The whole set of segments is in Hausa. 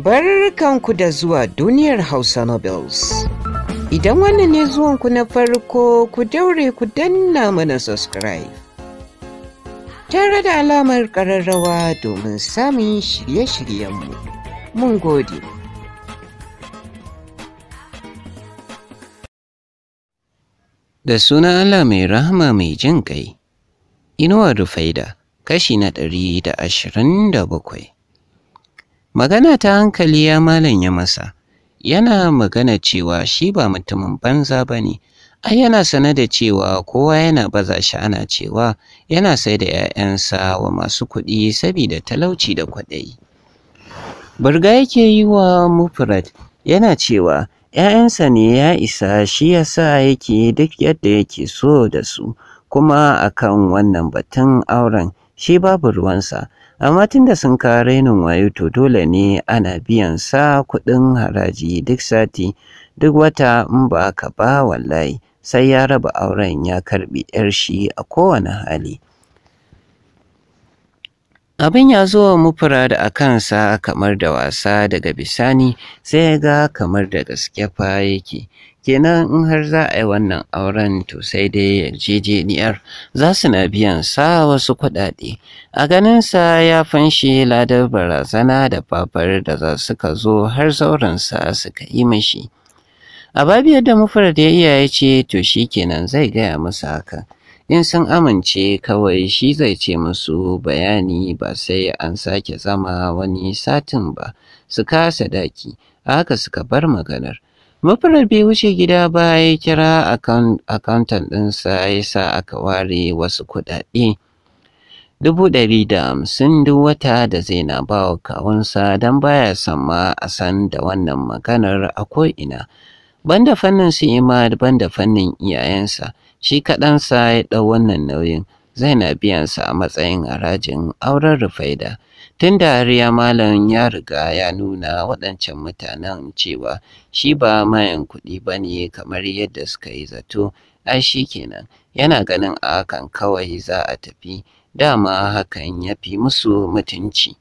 Barkanku da zuwa duniyar Hausa Nobels Idan wannan ne zuwanku na farko ku daure ku danna mana subscribe. Tare da alamar ƙararrawa domin samun shirye-shiryenmu. Mun gode. Da suna Allah mai rahama mai jin kai inuwa Faida, kashi na ɗari da ashirin da bakwai. Magana ta hankali ya malam ya masa, yana magana cewa shi ba mutumin banza ba ne, ai yana sane da cewa kowa yana baza shi ana cewa yana sai da 'ya'yansa wa masu kuɗi sabida talauci da kwaɗayi. Burga yake yi wa Mufrad yana cewa ‘ya'yansa ne ya isa shi ya sa yake duk yadda yake so da su, kuma akan wannan batun auren shi babu ruwansa, amma tunda sun kawo rainin wayo to dole ne ana biyan sa kuɗin haraji duk sati duk wata in ba ka ba wallahi sai ya raba auren ya karɓi 'yar shi a kowane hali. Abin ya zo wa mufrad a kansa kamar da wasa daga bisani sai ya ga kamar da gaske fa yake. Kenan in har za a yi wannan auren to sai dai yarjejeniyar za su na biyan sa wasu kuɗaɗe. A ganinsa ya fanshi ladar barazana da babar da za su ka zo har su suka yi mashi. A babiyar da mufrad ya iyaye ya ce to shi kenan zai gaya musu haka. in sun amince kawai shi zai ce musu bayani ba sai an sake zama wani satin ba su kasa daki haka suka bar maganar mafarar bai wuce gida ba ya kira akantan ɗinsa ya sa aka ware wasu kuɗaɗe dubu ɗari da hamsin duk wata da zai na ba wa kawunsa don baya son a san da wannan maganar a ko'ina ban da fannin su ima da fannin iyayensa shi kaɗansa ya ɗau wannan nauyin zai na biyansa a matsayin harajin auren rufaida tun da hariya malam ya riga ya nuna waɗancan mutanen cewa shi ba mayan kuɗi ba ne kamar yadda suka yi zato ai shi kenan yana ganin a hakan kawai za a tafi dama hakan ya fi musu mutunci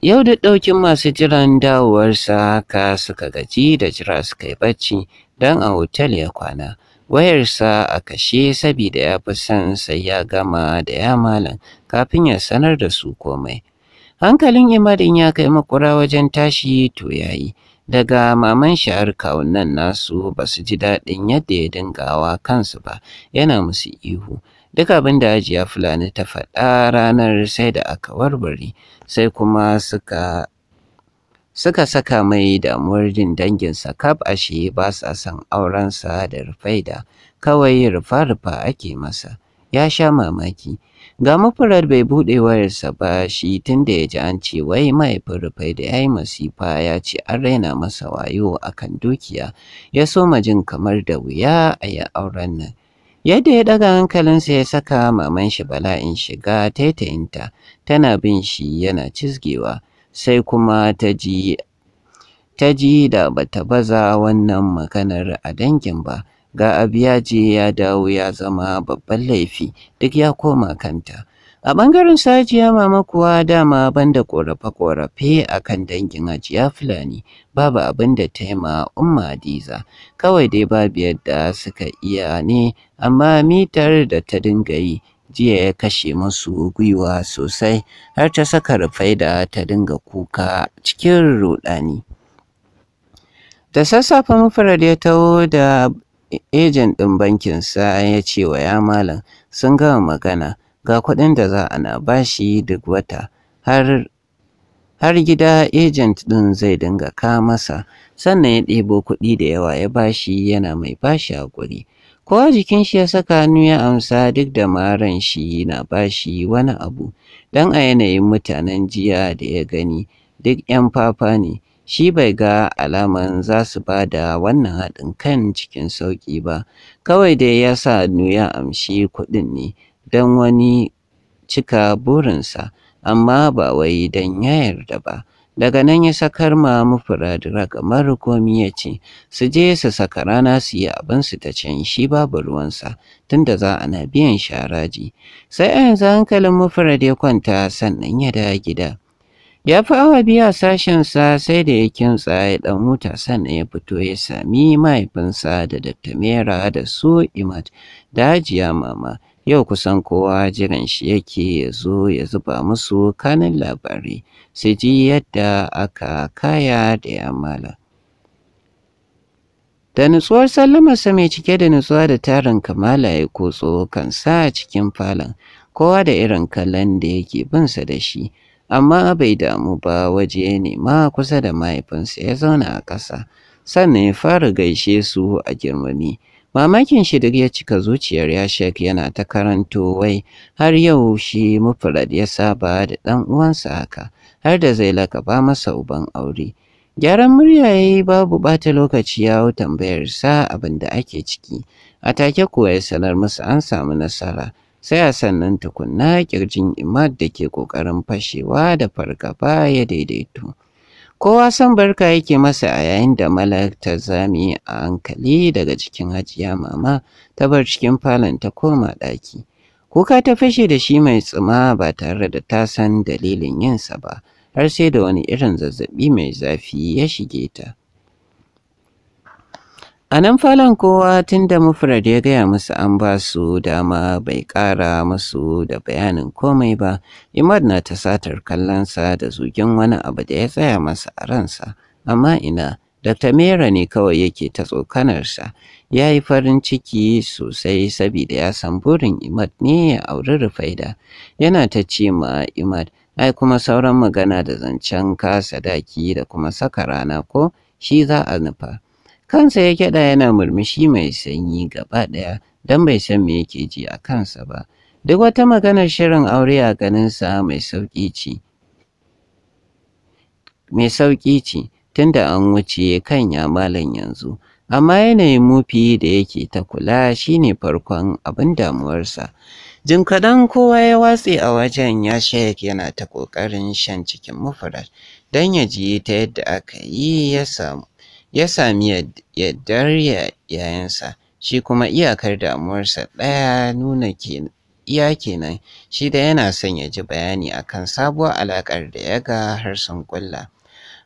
Yau da ɗaukin masu jiran dawowarsa haka suka gaji da jira suka yi bacci don a hotel ya kwana. wayarsa a kashe sabida ya fi son sai ya gama da ya malam kafin ya sanar da su komai. Hankalin imarin ya kai makura wajen tashi to yayi. Daga maman sha'ar kawunan nasu ba su ji daɗin yadda ya dingawa kansu ba, yana musu ihu. Duk abin da ajiya Fulani ta faɗa ranar sai da aka warware, sai kuma suka suka saka mai da murdin danginsa kaf ashe ba sa son aurensa da rufaida kawai rufa-rufa ake masa ya sha mamaki ga mafurar bai buɗe wayarsa ba shi tun da ya ji an ce wai mahaifin rufai da ya yi masifa ya ce an raina masa wayo a kan dukiya ya soma jin kamar da wuya a yi auren nan yadda ya ɗaga hankalinsa ya saka maman shi bala'in shiga taitayinta tana bin shi yana cizgewa sai kuma ta ji ta ji da bata baza wannan maganar a dangin ba ga abiyaji ya dawo ya zama babban laifi duk ya koma kanta a ɓangaren sajiya mama kuwa dama banda ƙorafe-ƙorafe a kan dangin ajiya fulani babu abin da ta yi ma umma diza kawai dai babu yadda suka iya ne amma mitar da ta dinga yi jiya ya kashe musu gwiwa sosai har ta saka rufaida ta dinga kuka cikin rudani. Da sassafe mufarad ya taho da ejen ɗin bankinsa ya ce wa ya malam sun gama magana ga kuɗin da za a na bashi duk wata har har gida ejent ɗin zai dinga ka masa sannan ya ɗebo kuɗi da yawa ya bashi yana mai bashi haƙuri Ko jikin shi ya saka hannu ya amsa duk da maran shi na bashi wani abu. Dan a yanayin mutanen jiya da ya gani duk 'yan fafa ne. Shi bai ga alaman za su ba da wannan haɗin kan cikin sauƙi ba, kawai dai ya sa hannu ya amshi kuɗin ne don wani cika burinsa, amma ba wai don ya yarda ba. Daga nan ya sakar ma mu furadura kamar komi ya ce, su je su saka rana su yi su ta can shi babu ruwansa tunda za a na biyan sharaji. Sai a yanzu hankalin mufrad ya kwanta sannan ya da gida. Ya fi awa biya sashensa sai da ya kintsa ya ɗan huta sannan ya fito ya sami mahaifinsa da Dattamera da su Imad da Hajiya Mama. Yau kusan kowa jiran shi yake ya zo ya zuba musu kanin labarai su ji yadda aka kaya da yamala. Da nutsuwar sallamarsa mai cike da nutsuwa da tarin kamala ya kotso sa cikin falon, kowa da irin kallon da yake binsa da shi, amma bai damu ba waje ne ma kusa da mahaifinsa ya zauna a ƙasa, sannan ya fara gaishe su a girmami. Mamakin shi duk ya cika zuciyar ya Yashek yana ta karanto wai har yau shi mufrad ya saba da ɗan uwansa haka har da zai lakaba masa uban aure. Gyaran murya ya yi babu ɓata lokaci ya hau tambayar sa abin da ake ciki. A take kuwa ya sanar masa an samu nasara. Sai a sannan tukunna ƙirjin Imad da ke ƙoƙarin fashewa da fargaba ya daidaito. Kowa san barka yake masa a yayin da Malak ta zame a hankali daga cikin hajiya mama ta bar cikin falon ta koma ɗaki. Kuka ta fashe da shi mai tsima ba tare da ta san dalilin yinsa ba, har sai da wani irin zazzaɓi mai zafi ya shige ta. A nan falon kowa tun da mufrad ya gaya musu an ba su dama bai ƙara musu da bayanin komai ba, Imad na ta satar kallonsa da zugin wani abu da ya tsaya masa a ransa, amma ina, Dr. Mera ne kawai yake ta tsokanarsa, ya yi farin ciki sosai saboda ya san burin Imad ne ya auri Rufaida, yana ta ce ma Imad, ai kuma sauran magana da zancen kasa daki da kuma saka rana ko shi za a nufa. Kansa ya kyaɗa yana murmushi mai sanyi gaba ɗaya don bai san me yake ji a kansa ba. Duk wata maganar shirin aure a ganinsa mai sauƙi ce. Mai sauƙi ce tunda an wuce kan ya malam yanzu. Amma yanayin mufi da yake ta kula shine farkon abin damuwarsa. Jin kaɗan kowa ya watse a wajen ya shek yana ta ƙoƙarin shan cikin mufarar don ya ji ta yadda aka yi ya samu ya sami yardar yayansa shi kuma iyakar damuwarsa ɗaya nuna ke iya kenan shi da yana son ya ji bayani akan sabuwar alaƙar da ya ga harsun sun ƙulla.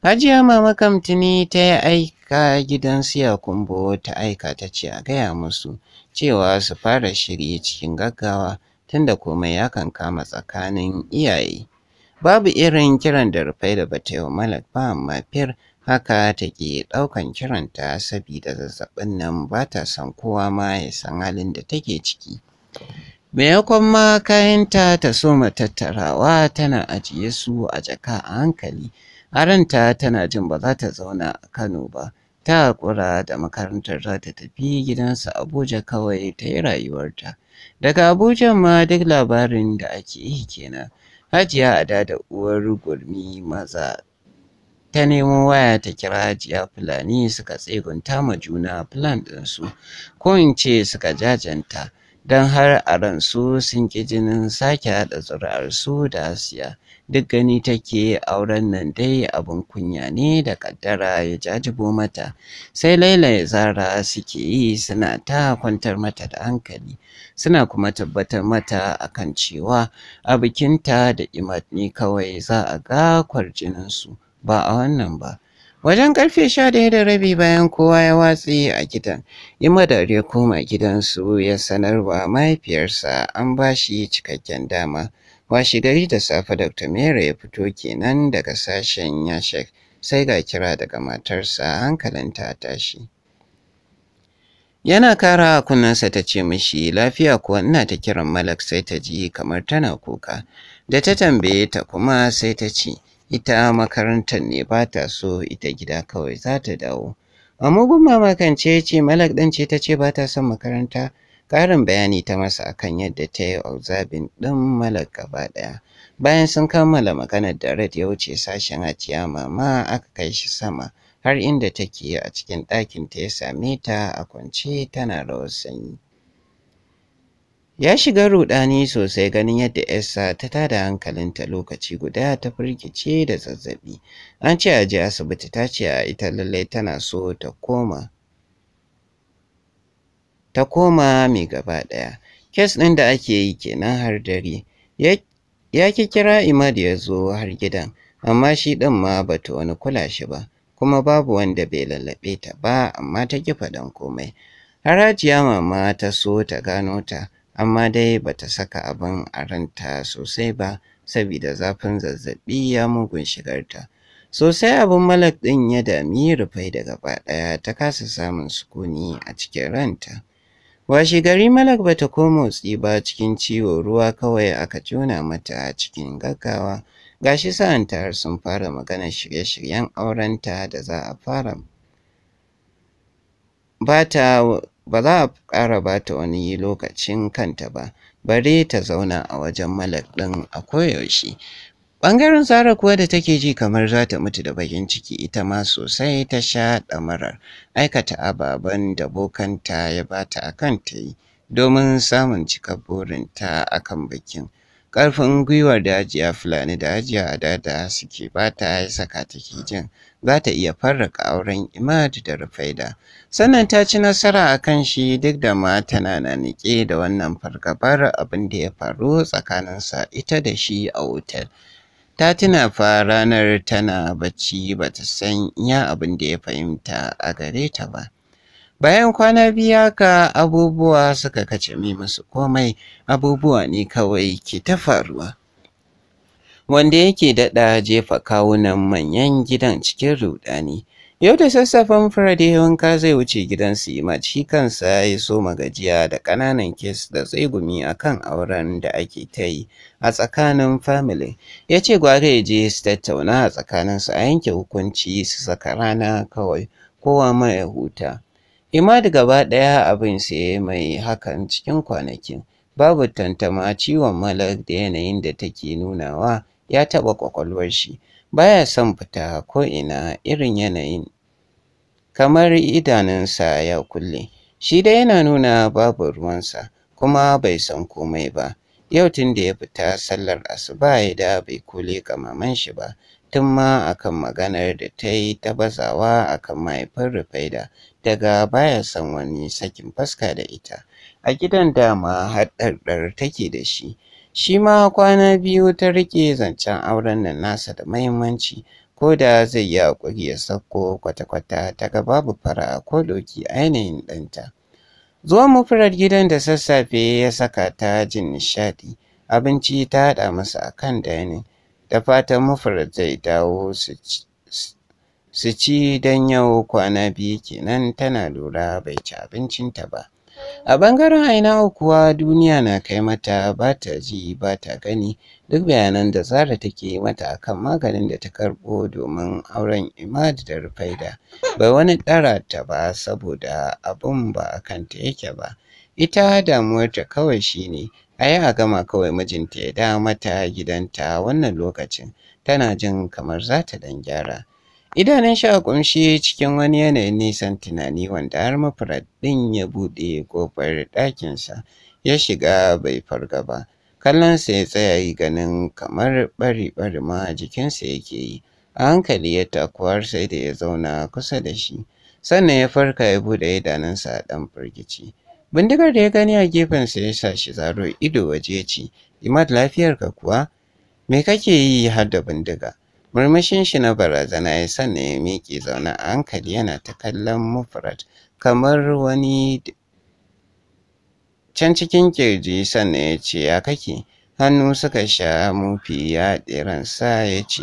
Hajiya Mama Kamtini ta yi aika gidan siya kumbo ta aika ta ce a gaya musu cewa su fara shiri cikin gaggawa tunda komai ya kankama tsakanin iyaye. Babu irin kiran da rufai da bata yi wa Malak ba amma fir haka take ɗaukan kiranta sabida zazzaɓin nan ba ta son kowa ma ya san halin da take ciki. Maimakon ma kayanta ta so ma tattarawa tana ajiye su a jaka a hankali, a ranta tana jin ba za ta zauna a Kano ba, ta haƙura da makarantar za ta tafi gidansa Abuja kawai ta yi rayuwarta. Daga Abuja ma duk labarin da ake yi kenan. Hajiya Ada da uwar gurmi maza ta nemo waya ta kira jiya, fulani suka tsegunta ma juna fulan ɗinsu ko in ce suka jajanta don har a ransu sun ƙi jinin sake haɗa zuri'arsu da asiya duk gani take auren nan dai abin kunya ne da kaddara ya jajibo mata sai laila ya zara suke yi suna ta kwantar mata da hankali suna kuma tabbatar mata akan cewa a bikinta da imat kawai za a ga kwarjininsu ba a wannan ba. Wajen karfe sha ɗaya da rabi bayan kowa ya watsi a gidan, yi da ya koma gidansu ya sanarwa mahaifiyarsa an ba shi cikakken dama. Washi gari da safe Dr. Mera ya fito kenan daga sashen Yashek sai ga kira daga matarsa hankalinta tashi. Yana kara kunnensa ta ce mishi lafiya kuwa ina ta kiran Malak sai ta ji kamar tana kuka. Da ta tambaye ta kuma sai ta ce ita makarantar ne ba ta so ita gida kawai za ta dawo. A mugun mamakan ya ce Malak ɗin ce ta ce ba ta son makaranta. Ƙarin bayani ta masa akan yadda ta yi observing ɗin Malak gaba ɗaya. Bayan sun kammala maganar da Red ya wuce sashen ajiya mama aka kai shi sama har inda take a cikin ɗakin ta ya same ta a kwance tana rawar sanyi. Ya shiga ruɗani sosai ganin yadda Esa ta tada hankalinta lokaci guda ta firgice da zazzabi. An ce a je asibiti ta ce a ita lallai tana so ta koma. Ta koma mai gaba ɗaya. Kes ɗin da ake yi kenan har dare. Ya ki kira Imad ya zo har gidan, amma shi ɗin ma bata wani kula shi ba, kuma babu wanda bai lallaɓe ta ba amma ta ki faɗan komai. Har Hajiya mama ta so ta gano ta. amma dai bata saka abin a ranta sosai ba saboda zafin zazzaɓi ya mugun shigarta. Sosai abin malak ɗin ya dami rufai da gaba ɗaya ta kasa samun sukuni a cikin ranta. Washi gari malak bata ko motsi ba cikin ciwo ruwa kawai aka jona mata a cikin gaggawa. Gashi sa'an har sun fara magana shirye-shiryen aurenta da za a fara bata ba za a ƙara ba ta wani lokacin kanta ba bare ta zauna a wajen malak ɗin a koyaushe ɓangaren Sara kuwa da take ji kamar za ta mutu da bakin ciki ita ma sosai ta sha ɗamarar aikata ababen da bokanta ya ba bata kan ta yi domin samun cikar burinta kan bikin. Ƙarfin gwiwar da Hajiya Fulani da Hajiya dada suke bata ya saka take jin za ta iya farraka auren Imad da Rufaida. Sannan ta ci nasara a kan shi duk da ma tana na niƙe da wannan fargabar abin da ya faru tsakaninsa ita da shi a otal. Ta tuna fa ranar tana bacci ba ta san ya abin da ya fahimta a gare ta ba. Bayan kwana biya ka abubuwa suka mai musu komai abubuwa ne kawai ke ta faruwa. Wanda yake daɗa jefa kawunan manyan gidan cikin rudani, Yau da sassafen Friday wanka zai wuce gidan su Imad shi kansa ya so magajiya da ƙananan kes da gumi a kan auren da ake ta yi a tsakanin family. Ya ce gware ya je su tattauna a tsakaninsu a yanke hukunci su saka rana kawai kowa mai huta. Imad gaba ɗaya abin sai mai hakan cikin kwanakin. Babu tantama ciwon malar da yanayin da take nunawa ya taɓa ƙwaƙwalwar shi. Baya son fita ko'ina irin yanayin. Kamar idanunsa ya kulle. Shi dai yana nuna babu ruwansa kuma bai san komai ba. Yau tun da ya fita sallar asuba ya da bai kule kamaman shi ba. tun ma akan maganar da ta yi ta bazawa akan mahaifin Rufaida daga baya son wani sakin fuska da ita. A gidan dama haɗarɗar take da shi. Shi ma kwana biyu ta riƙe zancen auren nan nasa da mahimmanci ko da zai yi haƙuri ya sauko kwata-kwata ta ga babu fara ko doki a yanayin ɗanta. Zuwa mufurar gidan da sassafe ya saka ta jin nishaɗi. Abinci ta haɗa masa a kan dainin da fatan mufurar zai dawo su su ci don yau kwana biyu kenan tana lura bai ci abincinta ba. A ɓangaren aina kuwa duniya na kai mata ba ta ji ba ta gani duk bayanan da Zara take mata kan maganin da ta karɓo domin auren Imad da Rufaida bai wani ɗara ta ba saboda abun ba a kanta yake ba. Ita damuwarta kawai shine a yi a gama kawai mijinta ya da mata gidanta wannan lokacin tana jin kamar za ta dan gyara. idanun shi a ƙumshi cikin wani yanayin nisan tunani wanda har mafura ɗin ya buɗe ƙofar ɗakinsa ya shiga bai farga ba kallonsa ya tsaya yi ganin kamar ɓari-ɓari ma jikinsa yake yi a hankali ya taku har sai da ya zauna kusa da shi sannan ya farka ya buɗe idanunsa a ɗan firgici bindigar da ya gani a gefensa ya sa shi zaro ido waje ce imad lafiyarka kuwa me kake yi har da bindiga Murmushin shi na barazana ya sanna ya miƙe zaune a hankali yana ta kallon mufrat kamar wani can cikin kirji sanna ya ce ya kake hannu suka sha mufi ya sa ya ce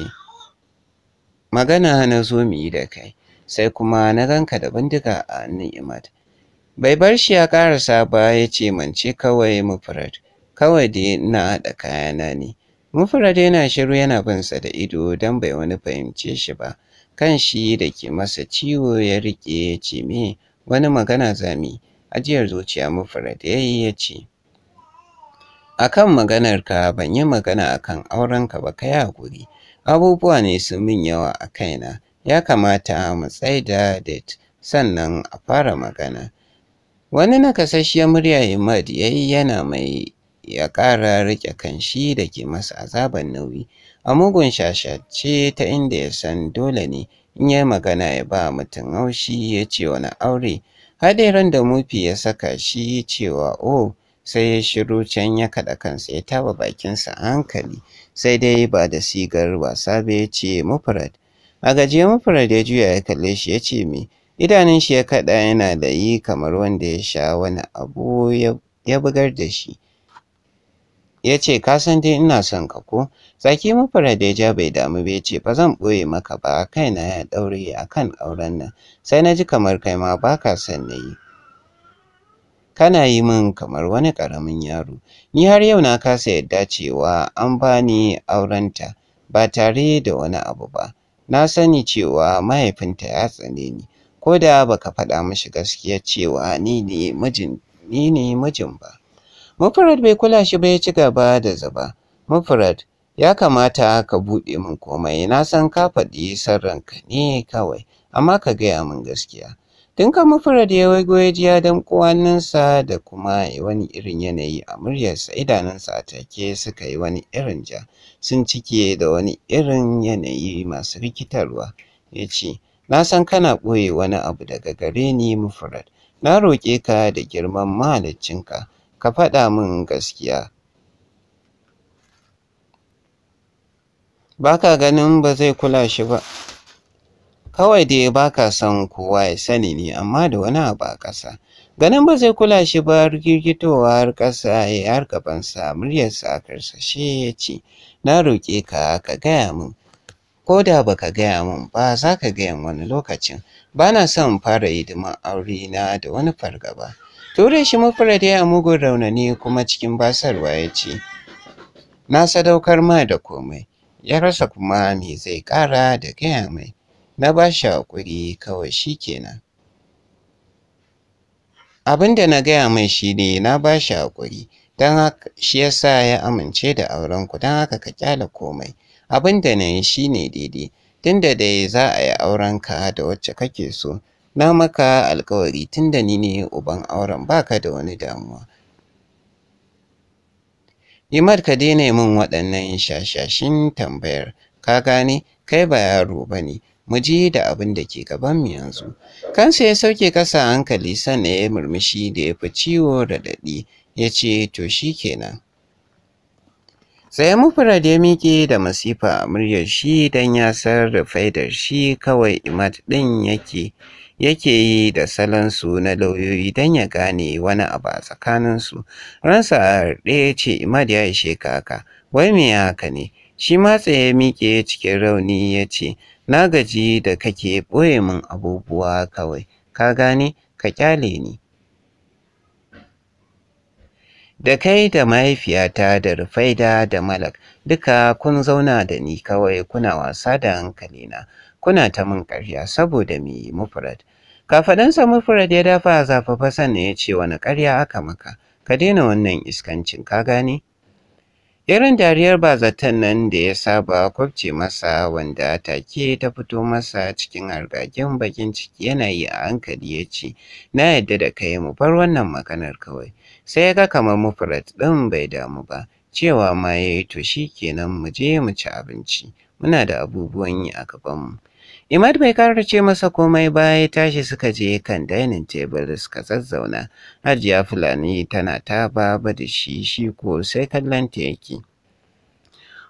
magana na zo mu yi da kai sai kuma na ganka da bindiga a hannun Imad. Bai bar shi ya ƙarasa ba ya ce mance kawai mufrat kawai dai na haɗa kayana ne Mufarad yana shiru yana binsa da ido don bai wani fahimce shi ba. Kan shi da ke masa ciwo ya rike ya ce me wani magana zami ajiyar zuciya da ya yi ya ce. A Akan maganarka ban yi magana a akan aurenka ba ka hakuri. Abubuwa ne su min yawa a kaina ya kamata mu tsaida det sannan a fara magana. Wani nakasasshiyar murya Imad ya yi yana mai ya ƙara riƙe kanshi da ke masa azaban nauyi. A mugun shashace ta inda ya san dole ne in ya magana ya ba mutum haushi ya ce wani aure. Haɗeran da mufi ya saka shi cewa o oh, sai ya shiru can ya kaɗa kansa ya taba bakinsa a hankali sai dai ba da sigar wasa ba ya ce mufrad. A gajiya mufrad ya juya ya kalle shi ya ce me idanun shi ya kaɗa yana da yi kamar wanda ya sha wani abu ya bugar da shi. ya ce ka san dai ina son ka ko tsaki fara da ja bai damu ba ce ba zan ɓoye maka ba kaina ya daure a kan auren nan sai na ji kamar kai ma ba ka son na kana yi min kamar wani karamin yaro ni har yau na kasa yadda cewa an bani aurenta ba tare da wani abu ba na sani cewa mahaifinta ya tsane ni ko da baka faɗa mishi gaskiya cewa ni ne mijin ni ne mijin ba Mufrad bai kula shi ba ya ci gaba da zaba Mufrad ya kamata ka buɗe min komai na san ka faɗi sarranka ne kawai amma ka gaya min gaskiya. Dinka Mufrad ya waigo ya ji ya damƙo hannunsa da kuma wani irin yanayi a muryarsa idanunsa a take suka yi wani irin ja sun cike da wani irin yanayi masu rikitarwa ya ce na san kana ɓoye wani abu daga gare ni Mufrad na roƙe ka da girman mahaliccinka ka faɗa min gaskiya ba ka ganin ba zai kula shi ba kawai dai ba ka san kowa ya sani ne amma da wani abu a ƙasa ganin ba zai kula shi ba har har ƙasa ya eh, yi har gabansa muryarsa a shi ya ce na roƙe ka ka gaya min ko da ba ka gaya min ba za ka gaya wani lokacin ba na son fara hidiman aure na da wani fargaba Ture shi dai ya mugun raunani kuma cikin basarwa ya ce, Na sadaukar ma da komai, ya rasa kuma me zai ƙara da gaya mai, na ba shi haƙuri kawai shi kenan. Abin da na gaya mai shi ne na ba shi haƙuri, don haka shi ya sa ya amince da aurenku don haka ka ƙyale komai. Abin da na yi shi ne daidai, tunda dai za a yi aurenka da wacce kake so, na maka alkawari tun da ni ne uban auren baka da wani damuwa. Imar ka daina min waɗannan shashashin tambayar, ka gane kai ba yaro ba ne, mu ji da abin da ke gabanmu yanzu. Kansa ya sauke kasa hankali sannan ya murmushi da ya fi ciwo da daɗi, ya ce to shi kenan. Sai Mufrad ya miƙe da masifa a muryar shi don ya san rufaidar shi kawai Imad ɗin yake yake yi da salansu na lauyoyi don ya gane wani abu a tsakaninsu. Ransa a ya ce Imad ya ishe kaka, wai me haka ne? Shi matsa ya miƙe cikin rauni ya ce, Na gaji da kake ɓoye min abubuwa kawai, ka gane, ka ƙyale ni. da kai da mahaifiyata da rufaida da malak duka kun zauna da ni kawai kuna wasa da hankalina kuna ta min ƙarya saboda me mufrad kafadansa mufrad ya dafa zafafa ne ya ce wani ƙarya aka maka ka daina wannan iskancin ka gane irin dariyar bazatan nan da ya saba kwabce masa wanda take ta fito masa cikin hargagen bakin ciki yana yi a hankali ya ce na yadda da kai mu bar wannan maganar kawai sai ya ga kamar mufrat ɗin bai damu ba cewa ma ya yi to shi kenan mu je mu ci abinci muna da abubuwan yi a gabanmu imad bai ce masa komai ba ya tashi suka je kan dining table suka zazzauna hajiya fulani tana ta baba da shi shi ko sai kallon ta yake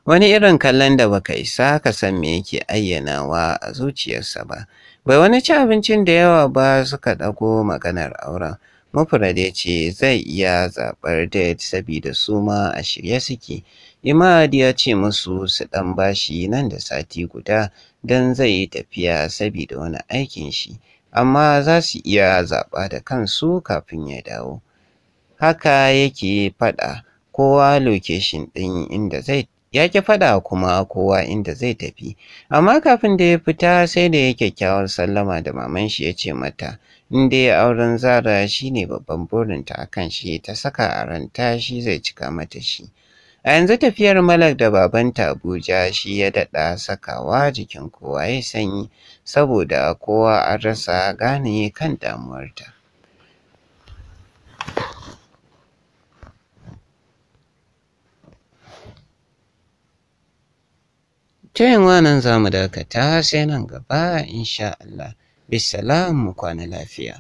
wani irin kallon da baka isa ka san me yake ayyanawa a zuciyarsa ba bai wani ci abincin da yawa ba suka ɗago maganar auren Mufrad yace ce zai iya zaɓar date saboda su ma a shirya suke. Imad ya ce musu su ɗan bashi nan da sati guda don zai yi tafiya saboda wani aikin shi, amma za su iya zaɓa da kansu kafin ya dawo. Haka yake faɗa kowa location ɗin inda zai ya ki faɗa kuma kowa inda zai tafi, amma kafin da ya fita sai da ya kyakkyawar sallama da maman shi ya ce mata in dai auren Zara shi ne babban burinta a kan shi ta saka a ranta shi zai cika mata shi. A yanzu tafiyar Malak da babanta Abuja shi ya daɗa sakawa jikin kowa ya sanyi saboda kowa an rasa gane kan damuwarta. Ta yin nan za mu dakata sai nan gaba insha Allah. bisalam mu kwana lafiya.